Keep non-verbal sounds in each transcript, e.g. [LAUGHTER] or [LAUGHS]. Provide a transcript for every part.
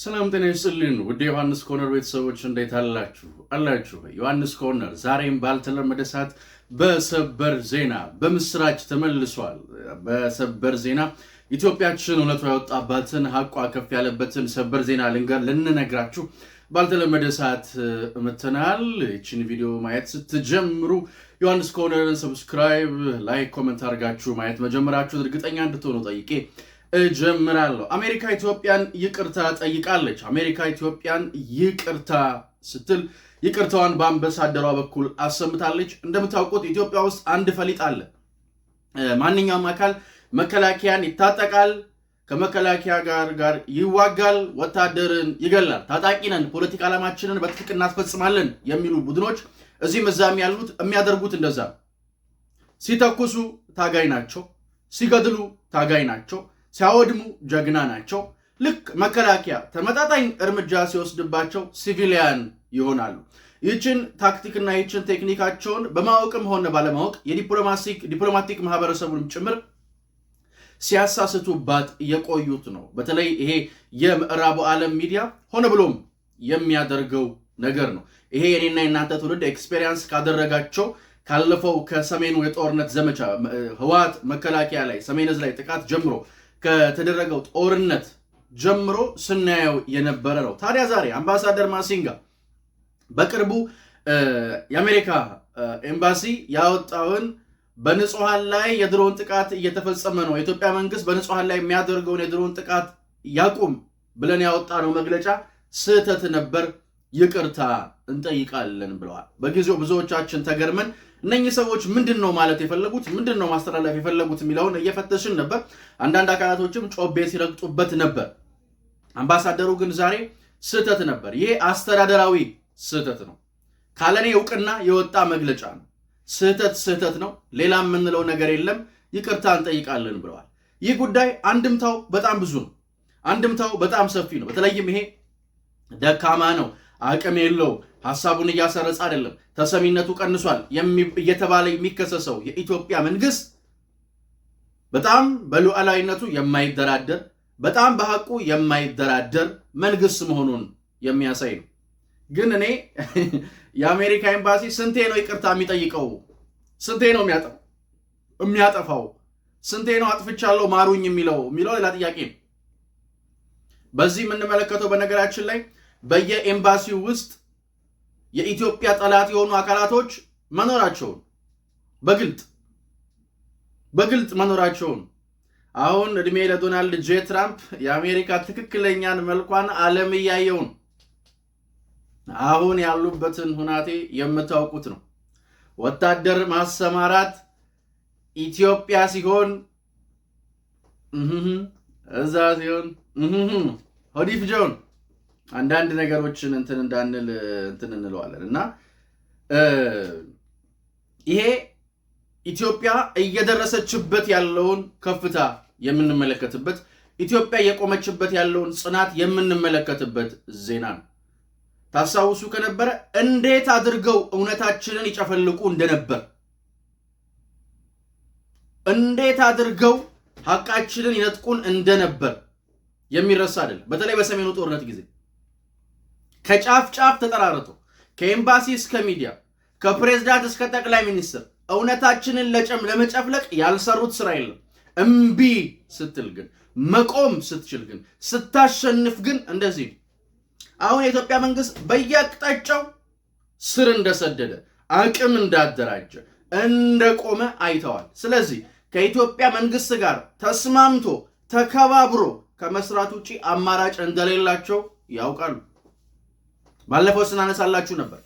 ሰላም ጤና ይስጥልን ውድ ዮሐንስ ኮርነር ቤተሰቦች እንዴት አላችሁ አላችሁ? ዮሐንስ ኮርነር ዛሬም ባልተለመደ ሰዓት በሰበር ዜና በምስራች ተመልሷል። በሰበር ዜና ኢትዮጵያችን እውነቷ ያወጣባትን ሀቋ ከፍ ያለበትን ሰበር ዜና ልንገር ልንነግራችሁ ባልተለመደ ሰዓት እምትናል። ይችን ቪዲዮ ማየት ስትጀምሩ ዮሐንስ ኮርነርን ሰብስክራይብ፣ ላይክ፣ ኮመንት አድርጋችሁ ማየት መጀመራችሁን እርግጠኛ እንድትሆኑ ጠይቄ እጀምራለሁ። አሜሪካ ኢትዮጵያን ይቅርታ ጠይቃለች። አሜሪካ ኢትዮጵያን ይቅርታ ስትል ይቅርታዋን በአምባሳደሯ በኩል አሰምታለች። እንደምታውቁት ኢትዮጵያ ውስጥ አንድ ፈሊጥ አለ። ማንኛውም አካል መከላከያን ይታጠቃል፣ ከመከላከያ ጋር ጋር ይዋጋል፣ ወታደርን ይገላል። ታጣቂ ነን፣ ፖለቲካ ዓላማችንን በትክክል እናስፈጽማለን የሚሉ ቡድኖች እዚህም እዛም ያሉት የሚያደርጉት እንደዛ ሲተኩሱ ታጋይ ናቸው፣ ሲገድሉ ታጋይ ናቸው፣ ሲያወድሙ ጀግና ናቸው። ልክ መከላከያ ተመጣጣኝ እርምጃ ሲወስድባቸው ሲቪሊያን ይሆናሉ። ይህችን ታክቲክና ይህችን ቴክኒካቸውን በማወቅም ሆነ ባለማወቅ የዲፕሎማቲክ ማህበረሰቡንም ጭምር ሲያሳስቱባት የቆዩት ነው። በተለይ ይሄ የምዕራቡ ዓለም ሚዲያ ሆነ ብሎም የሚያደርገው ነገር ነው። ይሄ የኔና የናንተ ትውልድ ኤክስፔሪንስ ካደረጋቸው ካለፈው ከሰሜኑ የጦርነት ዘመቻ ህወሓት መከላከያ ላይ ሰሜን ዕዝ ላይ ጥቃት ጀምሮ ከተደረገው ጦርነት ጀምሮ ስናየው የነበረ ነው። ታዲያ ዛሬ አምባሳደር ማሲንጋ በቅርቡ የአሜሪካ ኤምባሲ ያወጣውን በንጹሐን ላይ የድሮን ጥቃት እየተፈጸመ ነው፣ የኢትዮጵያ መንግስት በንጹሐን ላይ የሚያደርገውን የድሮን ጥቃት ያቁም ብለን ያወጣ ነው መግለጫ ስህተት ነበር ይቅርታ እንጠይቃለን ብለዋል። በጊዜው ብዙዎቻችን ተገርመን እነኚህ ሰዎች ምንድን ነው ማለት የፈለጉት ምንድን ነው ማስተላለፍ የፈለጉት የሚለውን እየፈተሽን ነበር። አንዳንድ አካላቶችም ጮቤ ሲረግጡበት ነበር። አምባሳደሩ ግን ዛሬ ስህተት ነበር። ይሄ አስተዳደራዊ ስህተት ነው፣ ካለኔ እውቅና የወጣ መግለጫ ነው። ስህተት ስህተት ነው። ሌላ የምንለው ነገር የለም። ይቅርታ እንጠይቃለን ብለዋል። ይህ ጉዳይ አንድምታው በጣም ብዙ ነው። አንድምታው በጣም ሰፊ ነው። በተለይም ይሄ ደካማ ነው አቅም የለው፣ ሀሳቡን እያሰረጸ አይደለም፣ ተሰሚነቱ ቀንሷል እየተባለ የሚከሰሰው የኢትዮጵያ መንግስት በጣም በሉዓላዊነቱ የማይደራደር በጣም በሀቁ የማይደራደር መንግስት መሆኑን የሚያሳይ ነው። ግን እኔ [LAUGHS] የአሜሪካ ኤምባሲ ስንቴ ነው ይቅርታ የሚጠይቀው? ስንቴ ነው የሚያጠፋው? ስንቴ ነው አጥፍቻለሁ ማሩኝ የሚለው የሚለው ሌላ ጥያቄ ነው። በዚህ የምንመለከተው በነገራችን ላይ በየኤምባሲው ውስጥ የኢትዮጵያ ጠላት የሆኑ አካላቶች መኖራቸውን በግልጥ በግልጥ መኖራቸውን አሁን እድሜ ለዶናልድ ጄ ትራምፕ የአሜሪካ ትክክለኛን መልኳን ዓለም እያየውን አሁን ያሉበትን ሁናቴ የምታውቁት ነው። ወታደር ማሰማራት ኢትዮጵያ ሲሆን እዛ ሲሆን ሆዲፍ ጆን አንዳንድ ነገሮችን እንትን እንዳንል እንትን እንለዋለን እና ይሄ ኢትዮጵያ እየደረሰችበት ያለውን ከፍታ የምንመለከትበት ኢትዮጵያ የቆመችበት ያለውን ጽናት የምንመለከትበት ዜና ነው። ታስታውሱ ከነበረ እንዴት አድርገው እውነታችንን ይጨፈልቁ እንደነበር፣ እንዴት አድርገው ሀቃችንን ይነጥቁን እንደነበር የሚረሳ አይደለም። በተለይ በሰሜኑ ጦርነት ጊዜ ከጫፍ ጫፍ ተጠራርቶ ከኤምባሲ እስከ ሚዲያ ከፕሬዝዳንት እስከ ጠቅላይ ሚኒስትር እውነታችንን ለጨም ለመጨፍለቅ ያልሰሩት ስራ የለም። እምቢ ስትል ግን መቆም ስትችል ግን ስታሸንፍ ግን እንደዚህ አሁን የኢትዮጵያ መንግስት በየአቅጣጫው ስር እንደሰደደ አቅም እንዳደራጀ እንደቆመ አይተዋል። ስለዚህ ከኢትዮጵያ መንግስት ጋር ተስማምቶ ተከባብሮ ከመስራት ውጪ አማራጭ እንደሌላቸው ያውቃሉ። ባለፈው ስናነሳላችሁ ነበር።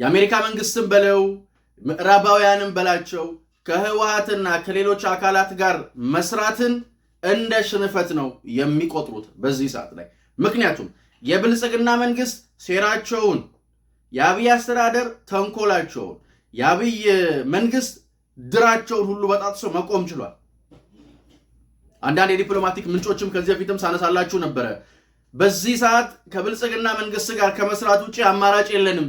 የአሜሪካ መንግስትም በለው ምዕራባውያንም በላቸው ከህወሀትና ከሌሎች አካላት ጋር መስራትን እንደ ሽንፈት ነው የሚቆጥሩት በዚህ ሰዓት ላይ። ምክንያቱም የብልጽግና መንግስት ሴራቸውን፣ የአብይ አስተዳደር ተንኮላቸውን፣ የአብይ መንግስት ድራቸውን ሁሉ በጣጥሶ መቆም ችሏል። አንዳንድ የዲፕሎማቲክ ምንጮችም ከዚህ በፊትም ሳነሳላችሁ ነበረ በዚህ ሰዓት ከብልጽግና መንግስት ጋር ከመስራት ውጭ አማራጭ የለንም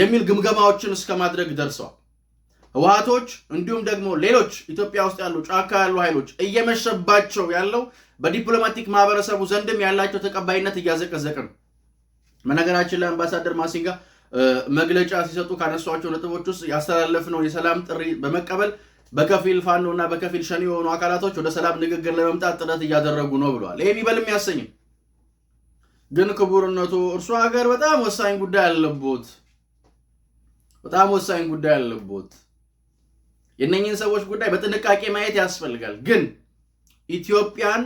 የሚል ግምገማዎችን እስከ ማድረግ ደርሰዋል። ህወሓቶች እንዲሁም ደግሞ ሌሎች ኢትዮጵያ ውስጥ ያሉ ጫካ ያሉ ኃይሎች እየመሸባቸው ያለው በዲፕሎማቲክ ማህበረሰቡ ዘንድም ያላቸው ተቀባይነት እያዘቀዘቀ ነው። በነገራችን ላይ አምባሳደር ማሲንጋ መግለጫ ሲሰጡ ካነሷቸው ነጥቦች ውስጥ ያስተላለፍነው የሰላም ጥሪ በመቀበል በከፊል ፋኖ እና በከፊል ሸኔ የሆኑ አካላቶች ወደ ሰላም ንግግር ለመምጣት ጥረት እያደረጉ ነው ብለዋል። ይሄ የሚበል የሚያሰኝም ግን ክቡርነቱ እርሱ ሀገር በጣም ወሳኝ ጉዳይ አለቦት፣ በጣም ወሳኝ ጉዳይ አለቦት። የእነኝህን ሰዎች ጉዳይ በጥንቃቄ ማየት ያስፈልጋል። ግን ኢትዮጵያን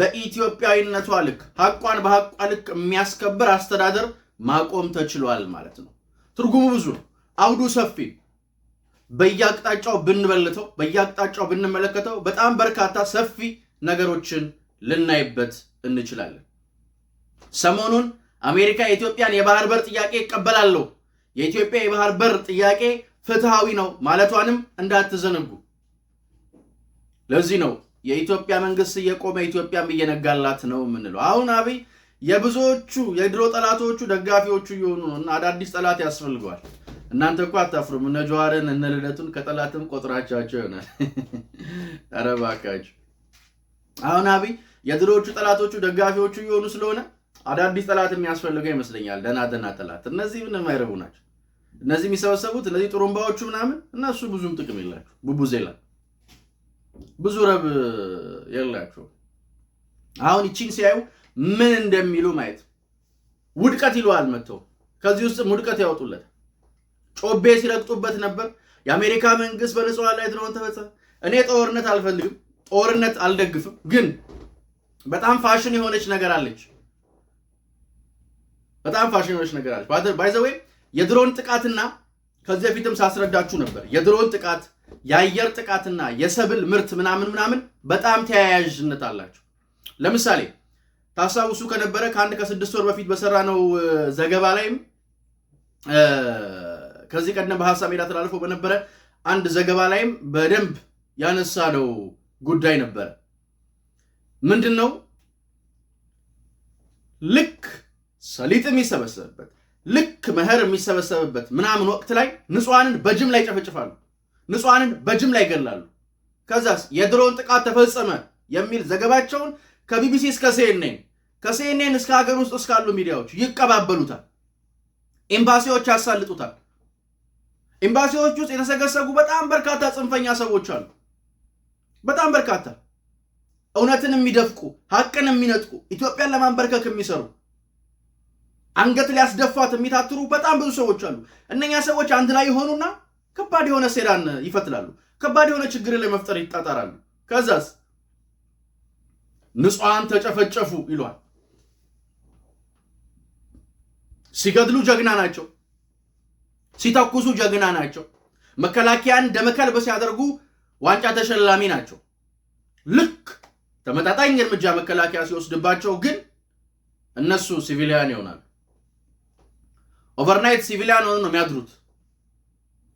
በኢትዮጵያዊነቷ ልክ ሀቋን በሀቋ ልክ የሚያስከብር አስተዳደር ማቆም ተችሏል ማለት ነው። ትርጉሙ ብዙ ነው፣ አውዱ ሰፊ በየአቅጣጫው ብንበልተው በየአቅጣጫው ብንመለከተው በጣም በርካታ ሰፊ ነገሮችን ልናይበት እንችላለን። ሰሞኑን አሜሪካ የኢትዮጵያን የባህር በር ጥያቄ ይቀበላለሁ፣ የኢትዮጵያ የባህር በር ጥያቄ ፍትሐዊ ነው ማለቷንም እንዳትዘነጉ። ለዚህ ነው የኢትዮጵያ መንግስት እየቆመ ኢትዮጵያም እየነጋላት ነው የምንለው። አሁን አብይ የብዙዎቹ የድሮ ጠላቶቹ ደጋፊዎቹ እየሆኑ ነው እና አዳዲስ ጠላት ያስፈልገዋል። እናንተ እኮ አታፍሩም። እነ ጀዋርን እነ ልደቱን ከጠላትም ቆጥራቻቸው ይሆናል። [LAUGHS] ኧረ እባካችሁ አሁን አብይ የድሮዎቹ ጠላቶቹ ደጋፊዎቹ እየሆኑ ስለሆነ አዳዲስ ጠላት የሚያስፈልገው ይመስለኛል። ደና ደና ጠላት እነዚህ ምን የማይረቡ ናቸው። እነዚህ የሚሰበሰቡት እነዚህ ጥሩምባዎቹ ምናምን እነሱ ብዙም ጥቅም የላቸው ቡቡዜላ ብዙ ረብ የላቸው። አሁን ይቺን ሲያዩ ምን እንደሚሉ ማየት ውድቀት ይለዋል መጥተው ከዚህ ውስጥም ውድቀት ያወጡለት ጮቤ ሲረግጡበት ነበር። የአሜሪካ መንግስት በንጹሐን ላይ ድሮን ተፈጸመ። እኔ ጦርነት አልፈልግም፣ ጦርነት አልደግፍም። ግን በጣም ፋሽን የሆነች ነገር አለች። በጣም ፋሽን የሆነች ነገር አለች። ባይ ዘ ዌይ የድሮን ጥቃትና ከዚህ በፊትም ሳስረዳችሁ ነበር የድሮን ጥቃት የአየር ጥቃትና የሰብል ምርት ምናምን ምናምን በጣም ተያያዥነት አላቸው። ለምሳሌ ታስታውሱ ከነበረ ከአንድ ከስድስት ወር በፊት በሰራነው ዘገባ ላይም ከዚህ ቀደም በሀሳብ ሜዳ ተላልፎ በነበረ አንድ ዘገባ ላይም በደንብ ያነሳነው ጉዳይ ነበረ። ምንድን ነው ልክ ሰሊጥ የሚሰበሰብበት ልክ መኸር የሚሰበሰብበት ምናምን ወቅት ላይ ንጹሐንን በጅምላ ይጨፈጭፋሉ፣ ንጹሐንን በጅምላ ይገላሉ። ከዛስ የድሮን ጥቃት ተፈጸመ የሚል ዘገባቸውን ከቢቢሲ እስከ ሲኤንኤን ከሲኤንኤን እስከ ሀገር ውስጥ እስካሉ ሚዲያዎች ይቀባበሉታል። ኤምባሲዎች ያሳልጡታል። ኤምባሲዎች ውስጥ የተሰገሰጉ በጣም በርካታ ጽንፈኛ ሰዎች አሉ። በጣም በርካታ እውነትን የሚደፍቁ ሀቅን የሚነጥቁ ኢትዮጵያን ለማንበርከክ የሚሰሩ አንገት ሊያስደፋት የሚታትሩ በጣም ብዙ ሰዎች አሉ። እነኛ ሰዎች አንድ ላይ የሆኑና ከባድ የሆነ ሴራን ይፈትላሉ። ከባድ የሆነ ችግር ለመፍጠር ይጣጣራሉ። ከዛስ ንጹሐን ተጨፈጨፉ ይሏል። ሲገድሉ ጀግና ናቸው ሲተኩሱ ጀግና ናቸው። መከላከያን እንደመከልበስ ሲያደርጉ ዋንጫ ተሸላሚ ናቸው። ልክ ተመጣጣኝ እርምጃ መከላከያ ሲወስድባቸው ግን እነሱ ሲቪሊያን ይሆናሉ። ኦቨርናይት ሲቪሊያን ሆኑ ነው የሚያድሩት።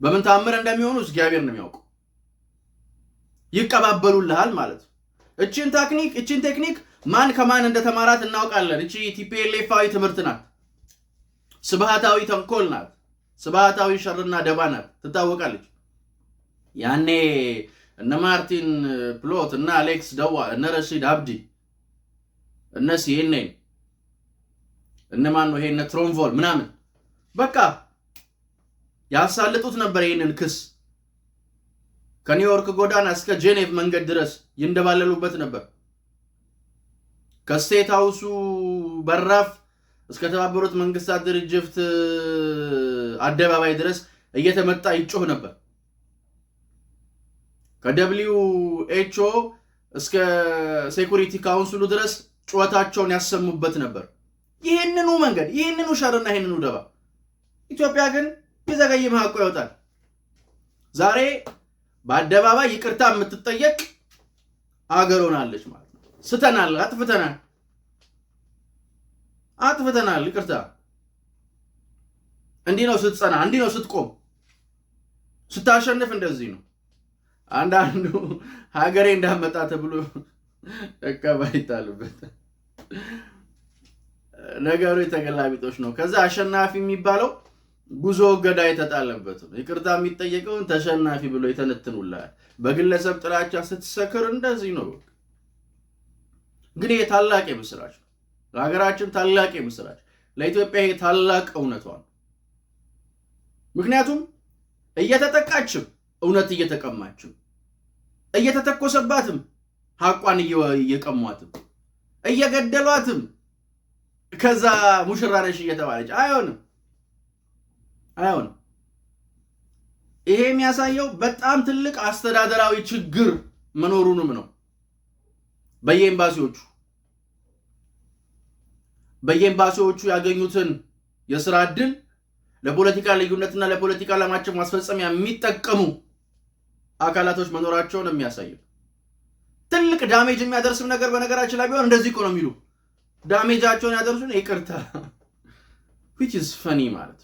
በምን ታምር እንደሚሆኑ እግዚአብሔር ነው የሚያውቀው። ይቀባበሉልሃል ማለት ነው። ታክኒክ እቺን ቴክኒክ ማን ከማን እንደተማራት እናውቃለን። እቺ ቲፒኤልኤፋዊ ትምህርት ናት። ስብሃታዊ ተንኮል ናት። ስብሃታዊ ሸርና ደባ ናት ትታወቃለች። ያኔ እነ ማርቲን ፕሎት እና አሌክስ ደዋ እነ ረሺድ አብዲ እነ ሲሄኔ እነ ማን ነው ይሄ እነ ትሮንቮል ምናምን በቃ ያሳልጡት ነበር ይህንን ክስ ከኒውዮርክ ጎዳና እስከ ጄኔቭ መንገድ ድረስ ይንደባለሉበት ነበር። ከስቴት ሀውሱ በራፍ እስከ ተባበሩት መንግስታት ድርጅት አደባባይ ድረስ እየተመጣ ይጮህ ነበር። ከደብሊው ኤች ኦ እስከ ሴኩሪቲ ካውንስሉ ድረስ ጩኸታቸውን ያሰሙበት ነበር። ይህንኑ መንገድ ይህንኑ ሸርና ይህንኑ ደባ ኢትዮጵያ ግን የዘገይ መሐቆ ያወጣል። ዛሬ በአደባባይ ይቅርታ የምትጠየቅ አገር ሆናለች ማለት ነው። ስተናል፣ አጥፍተናል፣ አጥፍተናል፣ ይቅርታ እንዲህ ነው ስትጸና፣ እንዲህ ነው ስትቆም፣ ስታሸንፍ እንደዚህ ነው። አንዳንዱ ሀገሬ እንዳመጣ ተብሎ ቀባ ይጣልበት። ነገሩ የተገላቢጦች ነው። ከዛ አሸናፊ የሚባለው ጉዞ እገዳ የተጣለበት ነው። ይቅርታ የሚጠየቀውን ተሸናፊ ብሎ የተነትኑላል። በግለሰብ ጥላቻ ስትሰክር እንደዚህ ነው። ግን ይሄ ታላቅ የምስራች ነው። ለሀገራችን ታላቅ የምስራች፣ ለኢትዮጵያ ይሄ ታላቅ እውነቷ ነው። ምክንያቱም እየተጠቃችም እውነት እየተቀማችም እየተተኮሰባትም ሐቋን እየቀሟትም እየገደሏትም ከዛ ሙሽራ ነሽ እየተባለች አይሆንም፣ አይሆንም። ይሄ የሚያሳየው በጣም ትልቅ አስተዳደራዊ ችግር መኖሩንም ነው። በየኤምባሲዎቹ በየኤምባሲዎቹ ያገኙትን የስራ እድል ለፖለቲካ ልዩነትና ለፖለቲካ ዓላማቸው ማስፈጸሚያ የሚጠቀሙ አካላቶች መኖራቸውን የሚያሳዩ ትልቅ ዳሜጅ የሚያደርስም ነገር በነገራችን ላይ ቢሆን እንደዚህ እኮ ነው የሚሉ ዳሜጃቸውን ያደርሱ ይቅርታ ዊች ኢዝ ፈኒ ማለት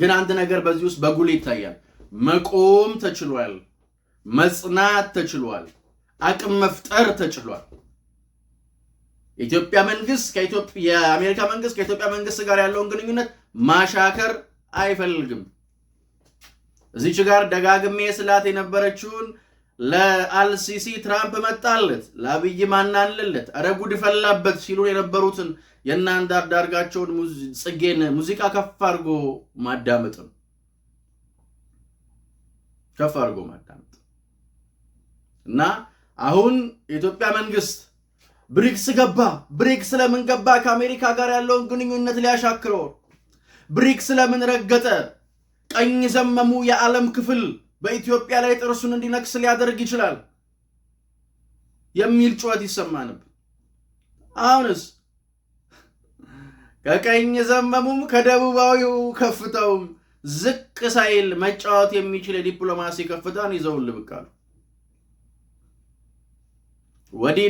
ግን አንድ ነገር በዚህ ውስጥ በጉል ይታያል። መቆም ተችሏል። መጽናት ተችሏል። አቅም መፍጠር ተችሏል። የኢትዮጵያ መንግስት የአሜሪካ መንግስት ከኢትዮጵያ መንግስት ጋር ያለውን ግንኙነት ማሻከር አይፈልግም። እዚች ጋር ደጋግሜ ስላት የነበረችውን ለአልሲሲ ትራምፕ መጣለት፣ ለአብይ ማናንልለት፣ እረ ጉድ ፈላበት ሲሉ የነበሩትን የእናንተ አንዳርጋቸውን ጽጌን ሙዚቃ ከፍ አድርጎ ማዳመጥ ነው። ከፍ አድርጎ ማዳመጥ እና አሁን የኢትዮጵያ መንግስት ብሪክስ ገባ። ብሪክስ ለምን ገባ? ከአሜሪካ ጋር ያለውን ግንኙነት ሊያሻክረው። ብሪክስ ለምን ረገጠ? ቀኝ ዘመሙ የዓለም ክፍል በኢትዮጵያ ላይ ጥርሱን እንዲነክስ ሊያደርግ ይችላል የሚል ጩኸት ይሰማንብ። አሁንስ ከቀኝ ዘመሙም ከደቡባዊው ከፍተውም ዝቅ ሳይል መጫወት የሚችል የዲፕሎማሲ ከፍታን ይዘውን ልብቃሉ። ወዲህ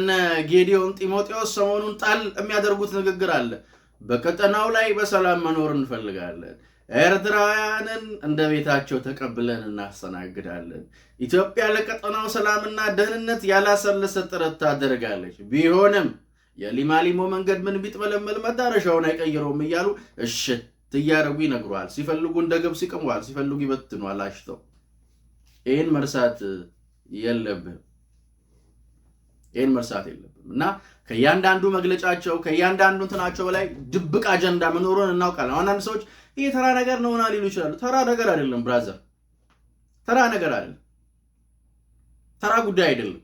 እነ ጌዲዮን ጢሞቴዎስ ሰሞኑን ጣል የሚያደርጉት ንግግር አለ። በቀጠናው ላይ በሰላም መኖር እንፈልጋለን። ኤርትራውያንን እንደ ቤታቸው ተቀብለን እናስተናግዳለን። ኢትዮጵያ ለቀጠናው ሰላምና ደህንነት ያላሰለሰ ጥረት ታደርጋለች። ቢሆንም የሊማሊሞ መንገድ ምን ቢጥመለመል መዳረሻውን አይቀይረውም እያሉ እሽ እያደረጉ ይነግሯል። ሲፈልጉ እንደ ገብስ ይቅመዋል፣ ሲፈልጉ ይበትኗል አሽተው። ይህን መርሳት የለብህም። ይህን መርሳት የለብም እና ከእያንዳንዱ መግለጫቸው ከእያንዳንዱ እንትናቸው ላይ ድብቅ አጀንዳ መኖሩን እናውቃለን። አንዳንድ ሰዎች ይህ ተራ ነገር ነውና ሊሉ ይችላሉ። ተራ ነገር አይደለም ብራዘር፣ ተራ ነገር አይደለም፣ ተራ ጉዳይ አይደለም።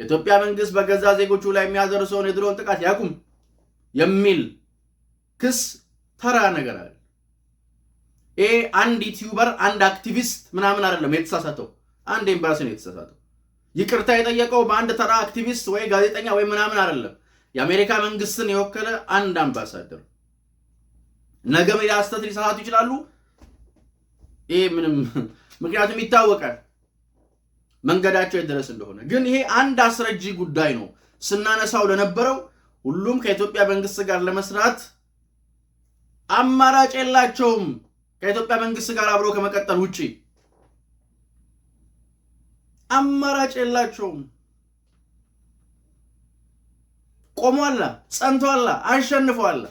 የኢትዮጵያ መንግስት በገዛ ዜጎቹ ላይ የሚያደርሰውን የድሮን ጥቃት ያቁም የሚል ክስ ተራ ነገር አለ። ይሄ አንድ ዩቲዩበር አንድ አክቲቪስት ምናምን አይደለም የተሳሳተው፣ አንድ ኤምባሲ ነው የተሳሳተው። ይቅርታ የጠየቀው በአንድ ተራ አክቲቪስት ወይ ጋዜጠኛ ወይ ምናምን አይደለም። የአሜሪካ መንግስትን የወከለ አንድ አምባሳደር። ነገም ሌላ ስህተት ይችላሉ። ይሄ ምንም [LAUGHS] ምክንያቱም ይታወቃል መንገዳቸው የደረስ እንደሆነ። ግን ይሄ አንድ አስረጂ ጉዳይ ነው ስናነሳው ለነበረው ሁሉም ከኢትዮጵያ መንግስት ጋር ለመስራት አማራጭ የላቸውም ከኢትዮጵያ መንግስት ጋር አብሮ ከመቀጠል ውጪ አማራጭ የላቸውም። ቆሟላ፣ ጸንቷላ፣ አንሸንፏላ።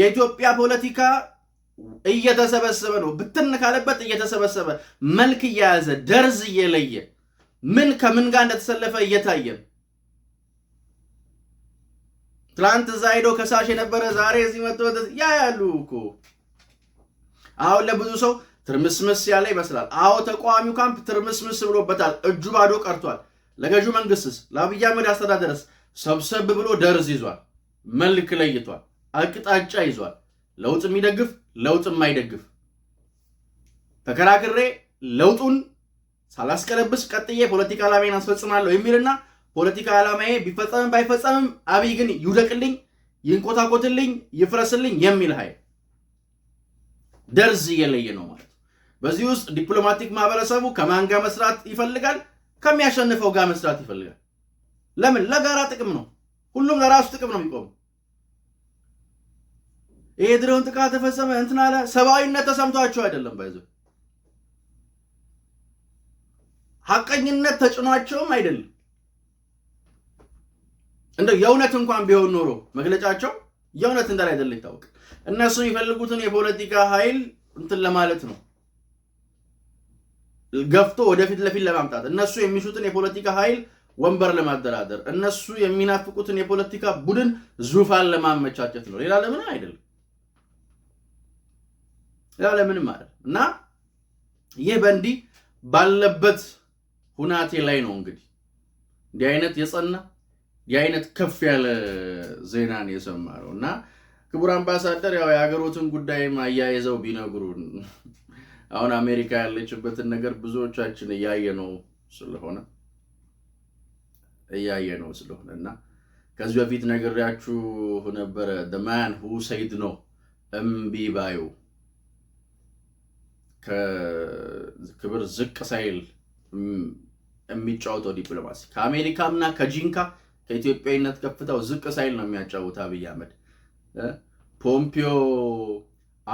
የኢትዮጵያ ፖለቲካ እየተሰበሰበ ነው። ብትን ካለበት እየተሰበሰበ መልክ እየያዘ ደርዝ እየለየ ምን ከምን ጋር እንደተሰለፈ እየታየ ትላንት እዛ ሄዶ ከሳሽ የነበረ ዛሬ እዚህ መጥቶ ያ ያሉ እኮ አሁን ለብዙ ሰው ትርምስምስ ያለ ይመስላል። አዎ ተቃዋሚው ካምፕ ትርምስምስ ብሎበታል። እጁ ባዶ ቀርቷል። ለገዢው መንግስትስ ለአብይ አህመድ አስተዳደርስ ሰብሰብ ብሎ ደርዝ ይዟል። መልክ ለይቷል። አቅጣጫ ይዟል። ለውጥ የሚደግፍ ለውጥ የማይደግፍ ተከራክሬ ለውጡን ሳላስቀለብስ ቀጥዬ ፖለቲካ ዓላማዬን አስፈጽማለሁ የሚልና ፖለቲካ ዓላማዬ ቢፈጸምም ባይፈጸምም አብይ ግን ይውደቅልኝ፣ ይንቆታቆትልኝ፣ ይፍረስልኝ የሚል ኃይል ደርዝ እየለየ ነው ማለት በዚህ ውስጥ ዲፕሎማቲክ ማህበረሰቡ ከማን ጋር መስራት ይፈልጋል? ከሚያሸንፈው ጋር መስራት ይፈልጋል። ለምን? ለጋራ ጥቅም ነው። ሁሉም ለራሱ ጥቅም ነው የሚቆመው። ይሄ ድሮን ጥቃት ተፈጸመ እንትን አለ፣ ሰብአዊነት ተሰምቷቸው አይደለም ባይዘው ሀቀኝነት ተጭኗቸውም አይደለም። እንደው የእውነት እንኳን ቢሆን ኖሮ መግለጫቸው የእውነት እንዳል አይደለም ይታወቅ። እነሱ የሚፈልጉትን የፖለቲካ ኃይል እንትን ለማለት ነው። ገፍቶ ወደፊት ለፊት ለማምጣት እነሱ የሚሹትን የፖለቲካ ኃይል ወንበር ለማደራደር እነሱ የሚናፍቁትን የፖለቲካ ቡድን ዙፋን ለማመቻቸት ነው። ሌላ ለምን አይደለም። ሌላ ለምንም ማለት እና ይህ በእንዲህ ባለበት ሁናቴ ላይ ነው እንግዲህ እንዲህ አይነት የጸና እንዲህ አይነት ከፍ ያለ ዜናን የሰማ ነው እና ክቡር አምባሳደር ያው የሀገሮትን ጉዳይም አያይዘው ቢነግሩን አሁን አሜሪካ ያለችበትን ነገር ብዙዎቻችን እያየ ነው ስለሆነ እያየ ነው ስለሆነ እና ከዚህ በፊት ነግሬያችሁ ነበረ። ማን ሁ ሰይድ ነው እምቢ ባዩ ከክብር ዝቅ ሳይል የሚጫወተው ዲፕሎማሲ ከአሜሪካም እና ከጂንካ ከኢትዮጵያዊነት ከፍታው ዝቅ ሳይል ነው የሚያጫውት አብይ አህመድ ፖምፒዮ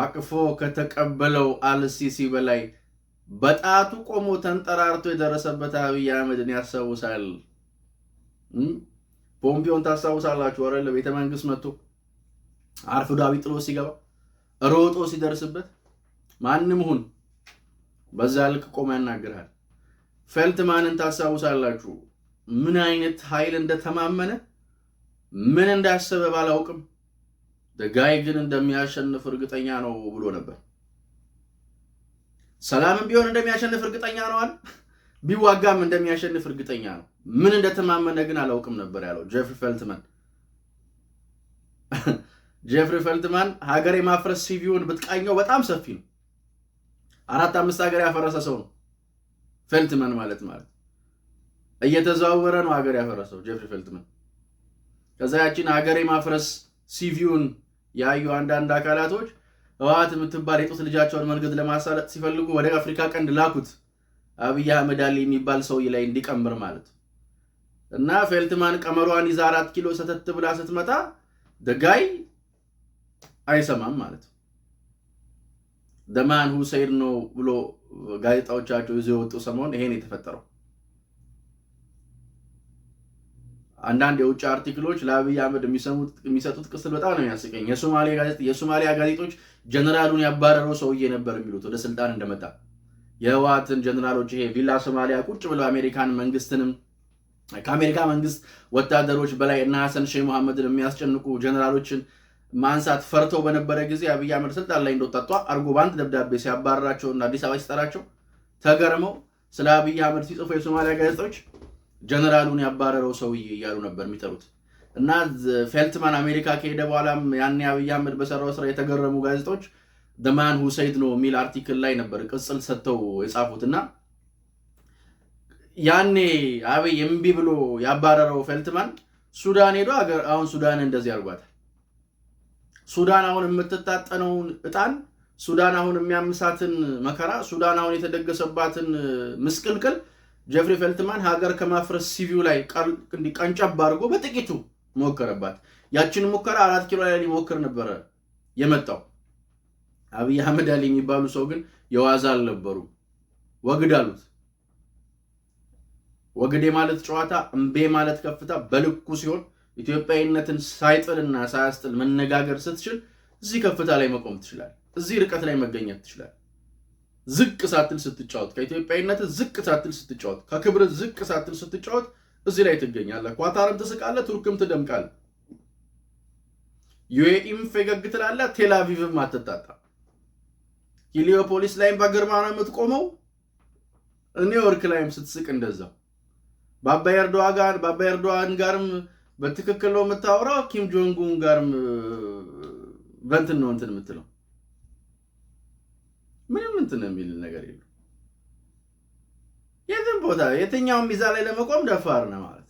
አቅፎ ከተቀበለው አልሲሲ በላይ በጣቱ ቆሞ ተንጠራርቶ የደረሰበት አብይ አህመድን ያስታውሳል። ፖምፒዮን ታስታውሳላችሁ አይደል? ቤተ መንግስት መጥቶ አርፍዶ አብይ ጥሎ ሲገባ ሮጦ ሲደርስበት ማንም ሁን በዛ ልክ ቆሞ ያናግርሃል። ፌልትማንን ታስታውሳላችሁ። ምን አይነት ኃይል እንደተማመነ ምን እንዳሰበ ባላውቅም ጋይ ግን እንደሚያሸንፍ እርግጠኛ ነው ብሎ ነበር። ሰላምም ቢሆን እንደሚያሸንፍ እርግጠኛ ነው አለ። ቢዋጋም እንደሚያሸንፍ እርግጠኛ ነው። ምን እንደተማመነ ግን አላውቅም ነበር ያለው ጀፍሪ ፈልትመን። ጀፍሪ ፈልትመን ሀገር የማፍረስ ሲቪውን ብትቃኘው በጣም ሰፊ ነው። አራት አምስት ሀገር ያፈረሰ ሰው ነው ፌልትመን ማለት ማለት እየተዘዋወረ ነው ሀገር ያፈረሰው ጀፍሪ ፈልትመን። ከዛ ያችን ሀገር የማፍረስ ሲቪውን ያዩ አንዳንድ አካላቶች ህወሓት የምትባል የጡት ልጃቸውን መንገድ ለማሳለጥ ሲፈልጉ ወደ አፍሪካ ቀንድ ላኩት። አብይ አህመድ አሊ የሚባል ሰውዬ ላይ እንዲቀምር ማለት እና ፌልትማን ቀመሯን ይዛ አራት ኪሎ ሰተት ብላ ስትመጣ ደጋይ አይሰማም ማለት ደማን ሁሴን ነው ብሎ ጋዜጣዎቻቸው ይዞ የወጡ ሰሞን ይሄን የተፈጠረው አንዳንድ የውጭ አርቲክሎች ለአብይ አህመድ የሚሰጡት ቅስል በጣም ነው የሚያስቀኝ። የሶማሊያ ጋዜጦች ጀነራሉን ያባረረው ሰውዬ ነበር የሚሉት ወደ ስልጣን እንደመጣ የህወሓትን ጀነራሎች ይሄ ቪላ ሶማሊያ ቁጭ ብለው አሜሪካን መንግስትንም ከአሜሪካ መንግስት ወታደሮች በላይ እና ሐሰን ሼህ መሐመድን የሚያስጨንቁ ጀነራሎችን ማንሳት ፈርተው በነበረ ጊዜ አብይ አህመድ ስልጣን ላይ እንደወጣጧ አርጎ በአንድ ደብዳቤ እና አዲስ አበባ ሲጠራቸው ተገርመው ስለ አብይ አህመድ ሲጽፉ የሶማሊያ ጋዜጦች ጀነራሉን ያባረረው ሰውዬ እያሉ ነበር የሚጠሩት። እና ፌልትማን አሜሪካ ከሄደ በኋላም ያኔ አብይ አህመድ በሰራው ስራ የተገረሙ ጋዜጦች ደማን ሁሰይድ ነው የሚል አርቲክል ላይ ነበር ቅጽል ሰጥተው የጻፉት። እና ያኔ አብይ እምቢ ብሎ ያባረረው ፌልትማን ሱዳን ሄዶ አሁን ሱዳን እንደዚህ አድርጓታል። ሱዳን አሁን የምትታጠነውን እጣን፣ ሱዳን አሁን የሚያምሳትን መከራ፣ ሱዳን አሁን የተደገሰባትን ምስቅልቅል ጀፍሪ ፈልትማን ሀገር ከማፍረስ ሲቪው ላይ ቀንጨብ አድርጎ በጥቂቱ ሞከረባት። ያችን ሙከራ አራት ኪሎ ላይ ሊሞክር ነበረ የመጣው። አብይ አህመድ አሊ የሚባሉ ሰው ግን የዋዛ አልነበሩ። ወግድ አሉት። ወግዴ ማለት ጨዋታ፣ እምቤ ማለት ከፍታ በልኩ ሲሆን ኢትዮጵያዊነትን ሳይጥልና ሳያስጥል መነጋገር ስትችል እዚህ ከፍታ ላይ መቆም ትችላል። እዚህ ርቀት ላይ መገኘት ትችላል። ዝቅ ሳትል ስትጫወት፣ ከኢትዮጵያዊነት ዝቅ ሳትል ስትጫወት፣ ከክብር ዝቅ ሳትል ስትጫወት እዚህ ላይ ትገኛለህ። ኳታርም ትስቃለ፣ ቱርክም ትደምቃለ፣ ዩኤኢም ፈገግ ትላለ፣ ቴላቪቭም አትታጣ። ሂሊዮፖሊስ ላይም በግርማ ነው የምትቆመው። ኒውዮርክ ላይም ስትስቅ እንደዛ በአባይ ኤርዶዋን ኤርዶዋን ጋርም በትክክል ነው የምታወራው። ኪም ጆንጉን ጋርም በንትን ነው እንትን የምትለው ምንም እንትን የሚል ነገር የለም። የትም ቦታ የትኛውም ሚዛን ላይ ለመቆም ደፋር ነው ማለት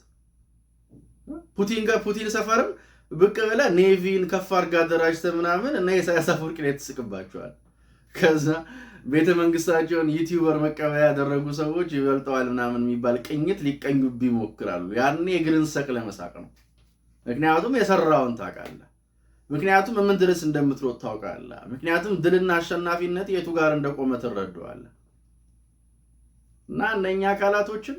ፑቲን ጋር ፑቲን ሰፈርም ብቅ ብለ ኔቪን ከፍ አድርገህ አደራጅተህ ምናምን እና የኢሳያስ አፈወርቂን ትስቅባቸዋል። ከዛ ቤተ መንግስታቸውን ዩቲዩበር መቀበያ ያደረጉ ሰዎች ይበልጠዋል ምናምን የሚባል ቅኝት ሊቀኙብ ይሞክራሉ። ያኔ የግልን ሰቅ ለመሳቅ ነው። ምክንያቱም የሰራውን ታውቃለህ። ምክንያቱም ምን ድረስ እንደምትሮጥ ታውቃለህ። ምክንያቱም ድልና አሸናፊነት የቱ ጋር እንደቆመ ትረዳዋለህ። እና እነኛ አካላቶችን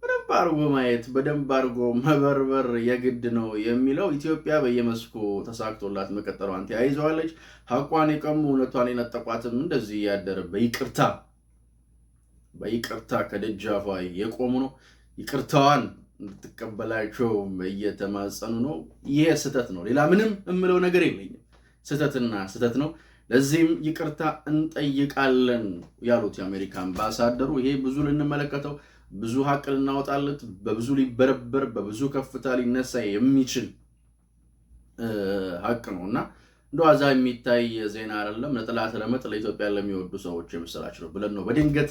በደንብ አድርጎ ማየት በደንብ አድርጎ መበርበር የግድ ነው የሚለው ኢትዮጵያ በየመስኩ ተሳክቶላት መቀጠሏን ተያይዘዋለች። ሀቋን የቀሙ እውነቷን የነጠቋትም እንደዚህ እያደረ በይቅርታ በይቅርታ ከደጃፏ የቆሙ ነው። ይቅርታዋን እንድትቀበላቸውም እየተማጸኑ ነው። ይሄ ስህተት ነው። ሌላ ምንም እምለው ነገር የለኝም። ስህተትና ስህተት ነው። ለዚህም ይቅርታ እንጠይቃለን ያሉት የአሜሪካ አምባሳደሩ፣ ይሄ ብዙ ልንመለከተው፣ ብዙ ሀቅ ልናወጣለት፣ በብዙ ሊበረበር፣ በብዙ ከፍታ ሊነሳ የሚችል ሀቅ ነው እና እንደዋዛ የሚታይ ዜና አይደለም። ነጥላ ስለመጥ ለኢትዮጵያ ለሚወዱ ሰዎች የምስራች ነው ብለን ነው በድንገት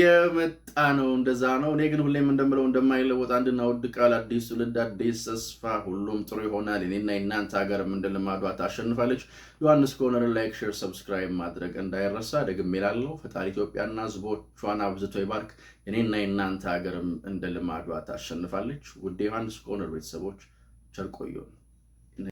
የመጣ ነው። እንደዛ ነው። እኔ ግን ሁሌም እንደምለው እንደማይለወጥ አንድና ውድ ቃል፣ አዲስ ትውልድ፣ አዲስ ተስፋ። ሁሉም ጥሩ ይሆናል። እኔና የእናንተ ሀገርም እንደ ልማዷ ታሸንፋለች። ዮሐንስ ኮርነር ላይክ፣ ሼር፣ ሰብስክራይብ ማድረግ እንዳይረሳ። ደግሜ እላለሁ ፈጣሪ ኢትዮጵያና ሕዝቦቿን አብዝቶ ይባርክ። እኔና የእናንተ ሀገርም እንደ ልማዷ ታሸንፋለች። ውድ ዮሐንስ ኮርነር ቤተሰቦች ቸር ቆዩን።